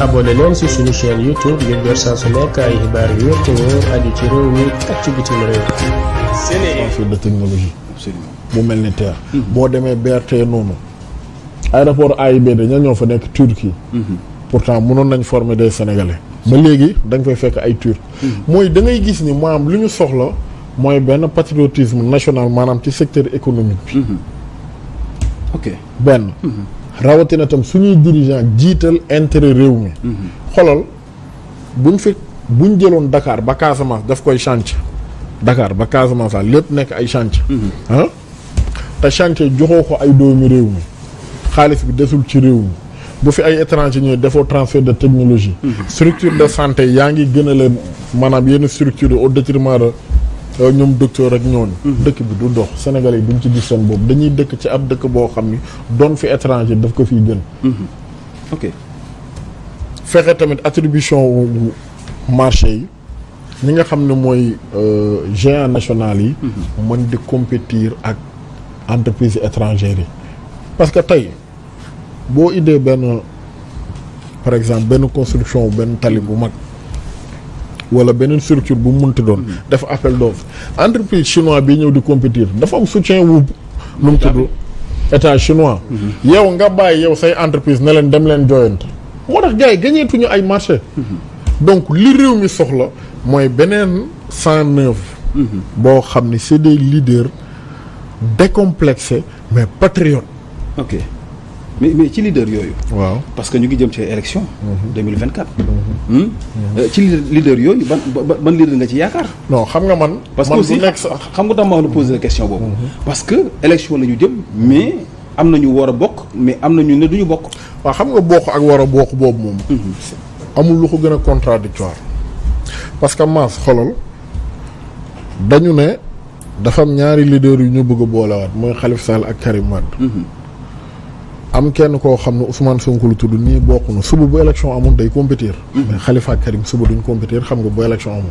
abonné leen ci suñu chaîne YouTube ngir jot saa su nekk ay yu wér te ci réew mi ak ci bitim réew. Sénégal de technologie. absolument bu mel ni TER. Hmm. boo demee BRT noonu. aéroport AIBD ña ñoo fa nekk Turquie. Hmm. pourtant mënoon nañ former de sénégalais. ba léegi dañ nga fay fekk ay turc. Hmm. mooy da ngay gis ni maam li ñu soxla mooy benn patriotisme national maanaam ci secteur économique bi. benn. rawatina tam suñuy dirigeant jiital intérêt réew mi. xolal buñ fi buñ jëloon dakaar ba Casamance daf koy chantier dakaar ba Casamance lépp nekk ay chantier. Mhm. ah te chantier joxoo ko ay doomi réew mi xaalis bi desul ci réew mi. bu fi ay étranger ñëwee defoo transfert de technologie. Mhm. structure de santé yaa ngi gën a leen yenn structure au détriment de Euh, ñoom docteur ak ñooñu. Mhm. dëkk bi du dox sénégalais yi duñ ci gis seen boobu dañuy dëkk ci ab dëkk boo xam ni doon fi étranger daf ko fiy gën. Mhm. fexe tamit attribution wu marché yi ñi nga xam ne mooy euh, géant national yi. Mhm. mën di compétir ak entreprise étrangères yi. parce que tey boo indee benn par exemple benn construction benn tali bu mag. wala beneen structure bu munti doon hmm. def appel d'offre entreprise chinois bi ñëw di compétir dafa am soutien wu lu mu état chinois hmm. yow nga bàyyi yow say entreprise ne leen dem leen joyante moo tax gars yi gañeetuñu ay marché hmm. donc li réew mi soxla mooy beneen cent neuf boo xam ni c'est des leaders décomplexés mais patriotes mais mais ci leader yooyu. waaw parce que ñu ngi jëm ci élection. 2024. Mhm. Mhm. Hmm? Euh, ci leader yooyu ban ban leader nga ci yaakaar. non xam nga man. parce que aussi xam nga tax ma la poser la question boobu. Mhm. parce que élection la ñu jëm mais am na ñu war a bokk mais am na ñu ne du ñu bokk. waaw xam nga bokk ak war a bokk boobu moom. amul lu ko gën a contradictoire parce que maas xolal dañu ne dafa am ñaari leader yu ñu bëgg a boolewaat mooy Khalifa Sall ak Karim Wade. am kenn koo xam ne Ousmane Sonko lu tudd nii bokk na suba bu élection amoon day compétir. Mhm. mais Khalifa ak Karim suba duñ compétir xam nga bu élection amoon.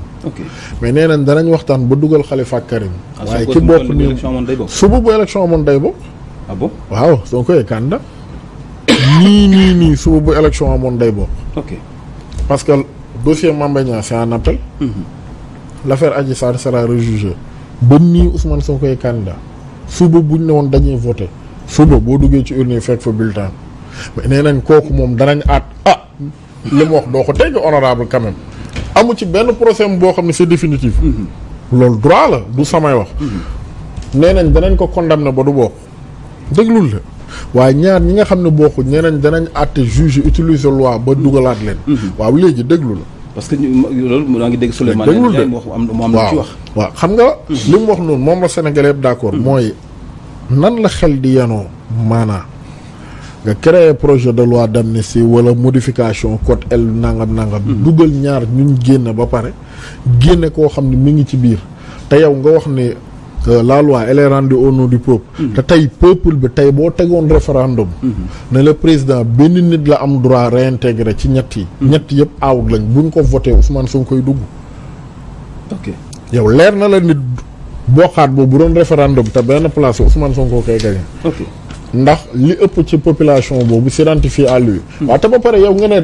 mais nee nañ danañ waxtaan ba dugal Khalifa ak Karim. Ah, waaye ki bokk nii suba bu élection amoon day bokk. ah bon soo koy kanda nii nii suba bu élection day bokk. parce que dossier Mame Mbaye Niang c'est un appel. Mhm. nii Ousmane Sonko koy candidat suba buñ ne woon dañuy voté. suba boo duggee ci urne fekk fa bulletin mais nee nañ kooku moom danañ aat ah li mu wax doo ko tegg honorable quand amu ci benn problème boo xam ne c'est définitif mm-hmm. loolu droit la du samay wax mm-hmm. nee nañ danañ ko condamné ba du bokk déglul la waaye ñaar ñi nga xam ne bokkuñ nee nañ danañ àtte juge utiliser loi ba dugalaat leen mm-hmm. waaw léegi déglu la parce que loolu daa ngi dégg Souleymane déglu de mu am lu ci wax waaw xam nga li mu wax noonu moom la Sénégalais yëpp d'accord mooy nan la xel di yanoo maanaa nga créer projet de ne si wala modification code L nangam nangam. Hmm. dugal ñaar ñu génne ba pare génne koo xam ne mi ngi ci biir te yow nga wax ne euh, la loi elle est rendue au nom du peuple. Hmm. te tey peuple bi tey boo tegoon référendum. Hmm. ne le président benn nit la am droit réintégré ci ñetti ñetti ñett yëpp aawut lañ buñ ko voté Ousmane suñ koy dugg. ok leer na la nit. bokkaat boobu bu doon référendum te benn place Ousmane Sonko koy gañe ndax li ëpp ci population boobu s'identifier à lui waaw te ba pare yow nga ne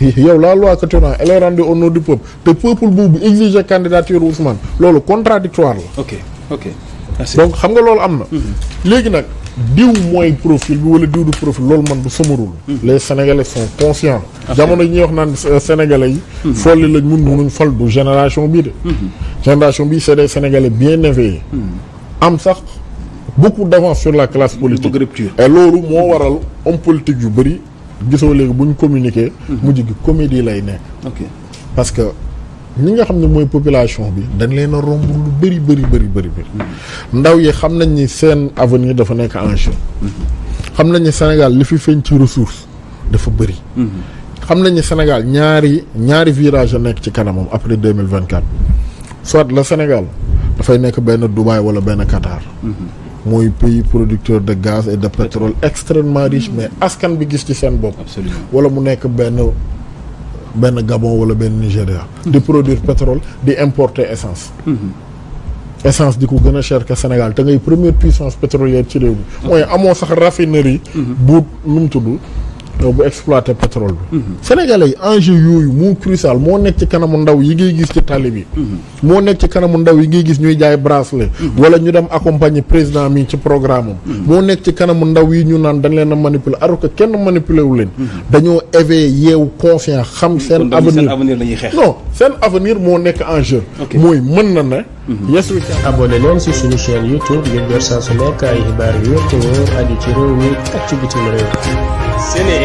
yow la loi que tu as elle est rendue au nom du peuple te peuple boobu exiger candidature Ousmane loolu contradictoire la ok ok donc xam nga loolu am na mhm. léegi nag diw mooy profil bi wala diw du profil loolu man bu sama rôle les sénégalais sont conscients jamono yi ñuy wax naan euh, sénégalais yi hmm. folli lañ mun munuñ fal du génération bii de hmm. génération bi c'est des sénégalais bien éveillés hmm. am sax beaucoup d'avance sur la classe politique et loolu moo waral homme politique yu bëri gisoo léegi bu ñu communiquer mujj gi comédie lay nekk parce ñi nga xam ne mooy population bi dañ leen a romb lu bëri bëri bëri bëri bëri ndaw yi xam nañ ni seen avenir dafa nekk en jeu xam nañ ni Sénégal li fi feeñ ci ressource dafa bëri xam nañ ni Sénégal ñaari ñaari virage a nekk ci kanamam après deux mille vingt quatre soit le Sénégal dafay nekk benn Dubaï wala benn Qatar mooy pays producteur de gaz et de pétrole extrêmement riche mais askan bi gis ci seen bopp wala mu nekk benn benn Gabon wala benn Nigéria. di produire pétrole di importer essence. Mhm. essence di ko gën a cher que Sénégal te ngay première puissance pétrolière ci réew mhm. mooy amoo sax raffinerie. Mhm. bu nu mu tudd. yow euh, bu exploité pétrole bi. Mhm. Sénégalais yi enjeu yooyu moo crucial moo nekk ci kanamu ndaw yi ngay gis ci tali bi. Mhm. moo nekk ci kanamu ndaw yi ngay gis ñuy jaay bracelet. Mhm. wala ñu dem accompagner président mi ci programme am. moo nekk ci kanamu ndaw yi ñu naan dañ leen a manipuler alors kenn manipuler wu leen. dañoo éveillé yeewu conscient xam seen. avenir avenir la ñuy xeex. non seen avenir moo nekk enjeu. mooy mën na ne. yes we can. abonné leen si suñu chaîne YouTube ngir jot saa yu wér te ci réew ci bitim réew.